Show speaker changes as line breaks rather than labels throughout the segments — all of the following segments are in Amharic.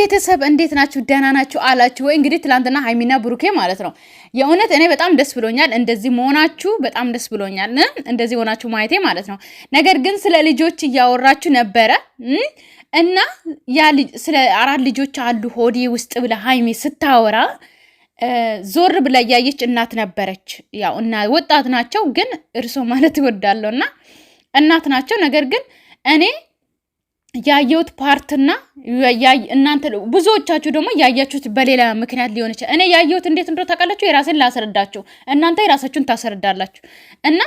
ቤተሰብ እንዴት ናችሁ? ደህና ናችሁ አላችሁ ወይ? እንግዲህ ትላንትና ሀይሚና ብሩኬ ማለት ነው። የእውነት እኔ በጣም ደስ ብሎኛል፣ እንደዚህ መሆናችሁ በጣም ደስ ብሎኛል፣ እንደዚህ ሆናችሁ ማየቴ ማለት ነው። ነገር ግን ስለ ልጆች እያወራችሁ ነበረ እና ያ ስለ አራት ልጆች አሉ ሆዴ ውስጥ ብለ ሀይሚ ስታወራ ዞር ብላ እያየች እናት ነበረች። ያው እና ወጣት ናቸው ግን እርሶ ማለት ይወዳለሁ እና እናት ናቸው ነገር ግን እኔ ያየሁት ፓርትና እናንተ ብዙዎቻችሁ ደግሞ ያያችሁት በሌላ ምክንያት ሊሆን ይችላል። እኔ ያየሁት እንዴት እንደ ታውቃላችሁ? የራሴን ላስረዳችሁ፣ እናንተ የራሳችሁን ታስረዳላችሁ። እና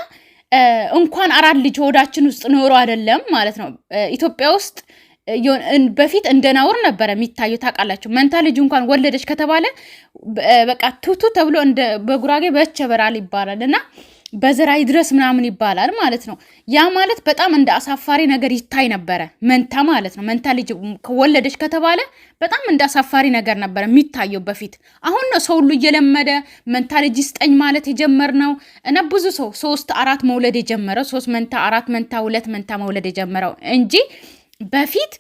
እንኳን አራት ልጅ ሆዳችን ውስጥ ኖሮ አይደለም ማለት ነው ኢትዮጵያ ውስጥ በፊት እንደ ናውር ነበረ የሚታየው ታውቃላችሁ። መንታ ልጅ እንኳን ወለደች ከተባለ በቃ ቱቱ ተብሎ በጉራጌ በቸበራል ይባላል እና በዘራይ ድረስ ምናምን ይባላል ማለት ነው። ያ ማለት በጣም እንደ አሳፋሪ ነገር ይታይ ነበረ። መንታ ማለት ነው። መንታ ልጅ ከወለደች ከተባለ በጣም እንደ አሳፋሪ ነገር ነበረ የሚታየው በፊት። አሁን ነው ሰው ሁሉ እየለመደ መንታ ልጅ ይስጠኝ ማለት የጀመርነው እና ብዙ ሰው ሶስት አራት መውለድ የጀመረው ሶስት መንታ፣ አራት መንታ፣ ሁለት መንታ መውለድ የጀመረው እንጂ በፊት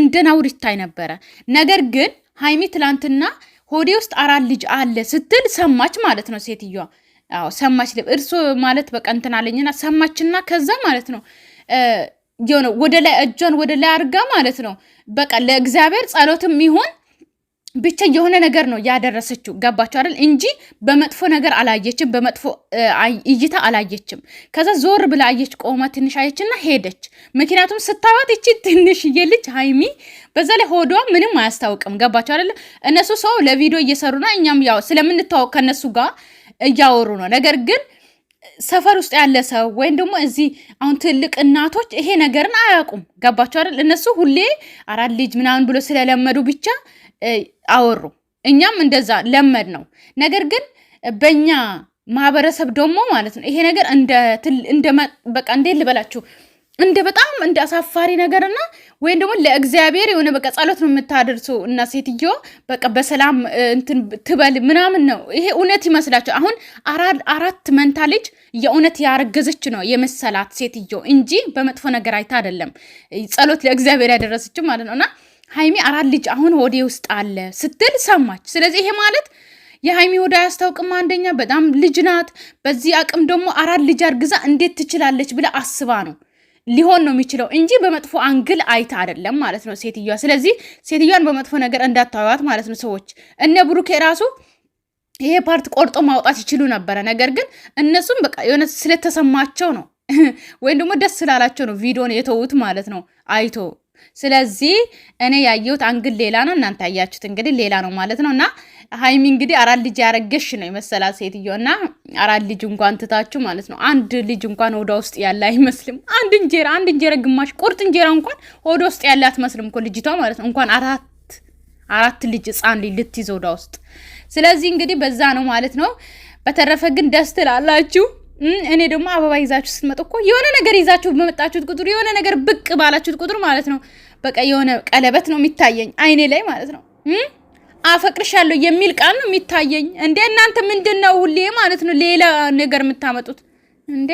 እንደ ናውር ይታይ ነበረ። ነገር ግን ሀይሚ ትላንትና ሆዴ ውስጥ አራት ልጅ አለ ስትል ሰማች ማለት ነው ሴትዮዋ። አዎ ሰማች። እርሱ ማለት በቃ እንትን አለኝና ሰማችና ከዛ ማለት ነው የሆነ ወደ ላይ እጇን ወደ ላይ አድርጋ ማለት ነው በቃ ለእግዚአብሔር ጸሎትም ይሁን ብቻ የሆነ ነገር ነው ያደረሰችው። ገባችሁ አይደል? እንጂ በመጥፎ ነገር አላየችም፣ በመጥፎ እይታ አላየችም። ከዛ ዞር ብላ አየች፣ ቆማ ትንሽ አየችና ሄደች። ምክንያቱም ስታዩት እቺ ትንሽዬ ልጅ ሀይሚ፣ በዛ ላይ ሆዷ ምንም አያስታውቅም። ገባችሁ አይደል? እነሱ ሰው ለቪዲዮ እየሰሩና እኛም ያው ስለምንታወቅ ከነሱ ጋር እያወሩ ነው። ነገር ግን ሰፈር ውስጥ ያለ ሰው ወይም ደግሞ እዚህ አሁን ትልቅ እናቶች ይሄ ነገርን አያውቁም። ገባቸው አይደል? እነሱ ሁሌ አራት ልጅ ምናምን ብሎ ስለለመዱ ብቻ አወሩ። እኛም እንደዛ ለመድ ነው። ነገር ግን በእኛ ማህበረሰብ ደግሞ ማለት ነው ይሄ ነገር እንደ በቃ እንዴት ልበላችሁ እንደ በጣም እንደ አሳፋሪ ነገርና ወይም ደግሞ ለእግዚአብሔር የሆነ በቃ ጸሎት ነው የምታደርሱ እና ሴትዮ በቃ በሰላም እንትን ትበል ምናምን ነው። ይሄ እውነት ይመስላቸው። አሁን አራት መንታ ልጅ የእውነት ያረገዘች ነው የመሰላት ሴትዮ እንጂ በመጥፎ ነገር አይታ አይደለም ጸሎት ለእግዚአብሔር ያደረሰችው ማለት ነው። እና ሀይሚ አራት ልጅ አሁን ሆዴ ውስጥ አለ ስትል ሰማች። ስለዚህ ይሄ ማለት የሀይሚ ወደ አያስታውቅም። አንደኛ በጣም ልጅ ናት። በዚህ አቅም ደግሞ አራት ልጅ አርግዛ እንዴት ትችላለች ብላ አስባ ነው ሊሆን ነው የሚችለው እንጂ በመጥፎ አንግል አይታ አይደለም ማለት ነው ሴትዮዋ። ስለዚህ ሴትዮዋን በመጥፎ ነገር እንዳታዩዋት ማለት ነው ሰዎች። እነ ብሩኬ ራሱ ይሄ ፓርት ቆርጦ ማውጣት ይችሉ ነበረ። ነገር ግን እነሱም በቃ የሆነ ስለተሰማቸው ነው ወይም ደግሞ ደስ ስላላቸው ነው ቪዲዮን የተዉት ማለት ነው አይቶ ስለዚህ እኔ ያየሁት አንግል ሌላ ነው፣ እናንተ ያያችሁት እንግዲህ ሌላ ነው ማለት ነው። እና ሀይሚ እንግዲህ አራት ልጅ ያረገሽ ነው የመሰላት ሴትዮ እና አራት ልጅ እንኳን ትታችሁ ማለት ነው አንድ ልጅ እንኳን ወደ ውስጥ ያለ አይመስልም። አንድ እንጀራ አንድ እንጀራ ግማሽ ቁርጥ እንጀራ እንኳን ወደ ውስጥ ያለ አትመስልም እኮ ልጅቷ ማለት ነው እንኳን አራት አራት ልጅ ህጻን ልጅ ልትይዝ ሆዷ ውስጥ። ስለዚህ እንግዲህ በዛ ነው ማለት ነው። በተረፈ ግን ደስ ትላላችሁ። እኔ ደግሞ አበባ ይዛችሁ ስትመጡ እኮ የሆነ ነገር ይዛችሁ በመጣችሁት ቁጥር የሆነ ነገር ብቅ ባላችሁት ቁጥር ማለት ነው በቃ የሆነ ቀለበት ነው የሚታየኝ አይኔ ላይ ማለት ነው። አፈቅርሻለሁ የሚል ቃል ነው የሚታየኝ። እንዴ እናንተ ምንድን ነው ሁሌ ማለት ነው ሌላ ነገር የምታመጡት? እንዴ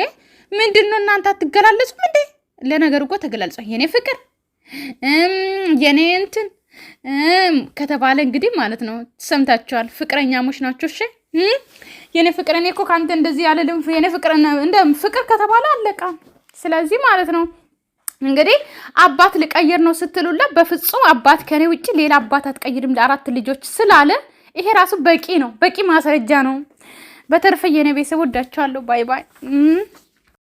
ምንድን ነው እናንተ አትገላለጹም እንዴ? ለነገሩ እኮ ተገላልጿል። የኔ ፍቅር የኔ እንትን ከተባለ እንግዲህ ማለት ነው ሰምታችኋል። ፍቅረኛሞች ናቸው። እሺ የኔ ፍቅር እኔ እኮ ከአንተ እንደዚህ ያለ የኔ ፍቅር እንደ ፍቅር ከተባለ አለቃ። ስለዚህ ማለት ነው እንግዲህ አባት ልቀይር ነው ስትሉለት በፍጹም አባት ከኔ ውጭ ሌላ አባት አትቀይርም ለአራት ልጆች ስላለ ይሄ ራሱ በቂ ነው፣ በቂ ማስረጃ ነው። በተርፈ የኔ ቤተሰብ ወዳቸዋለሁ። ባይ ባይ።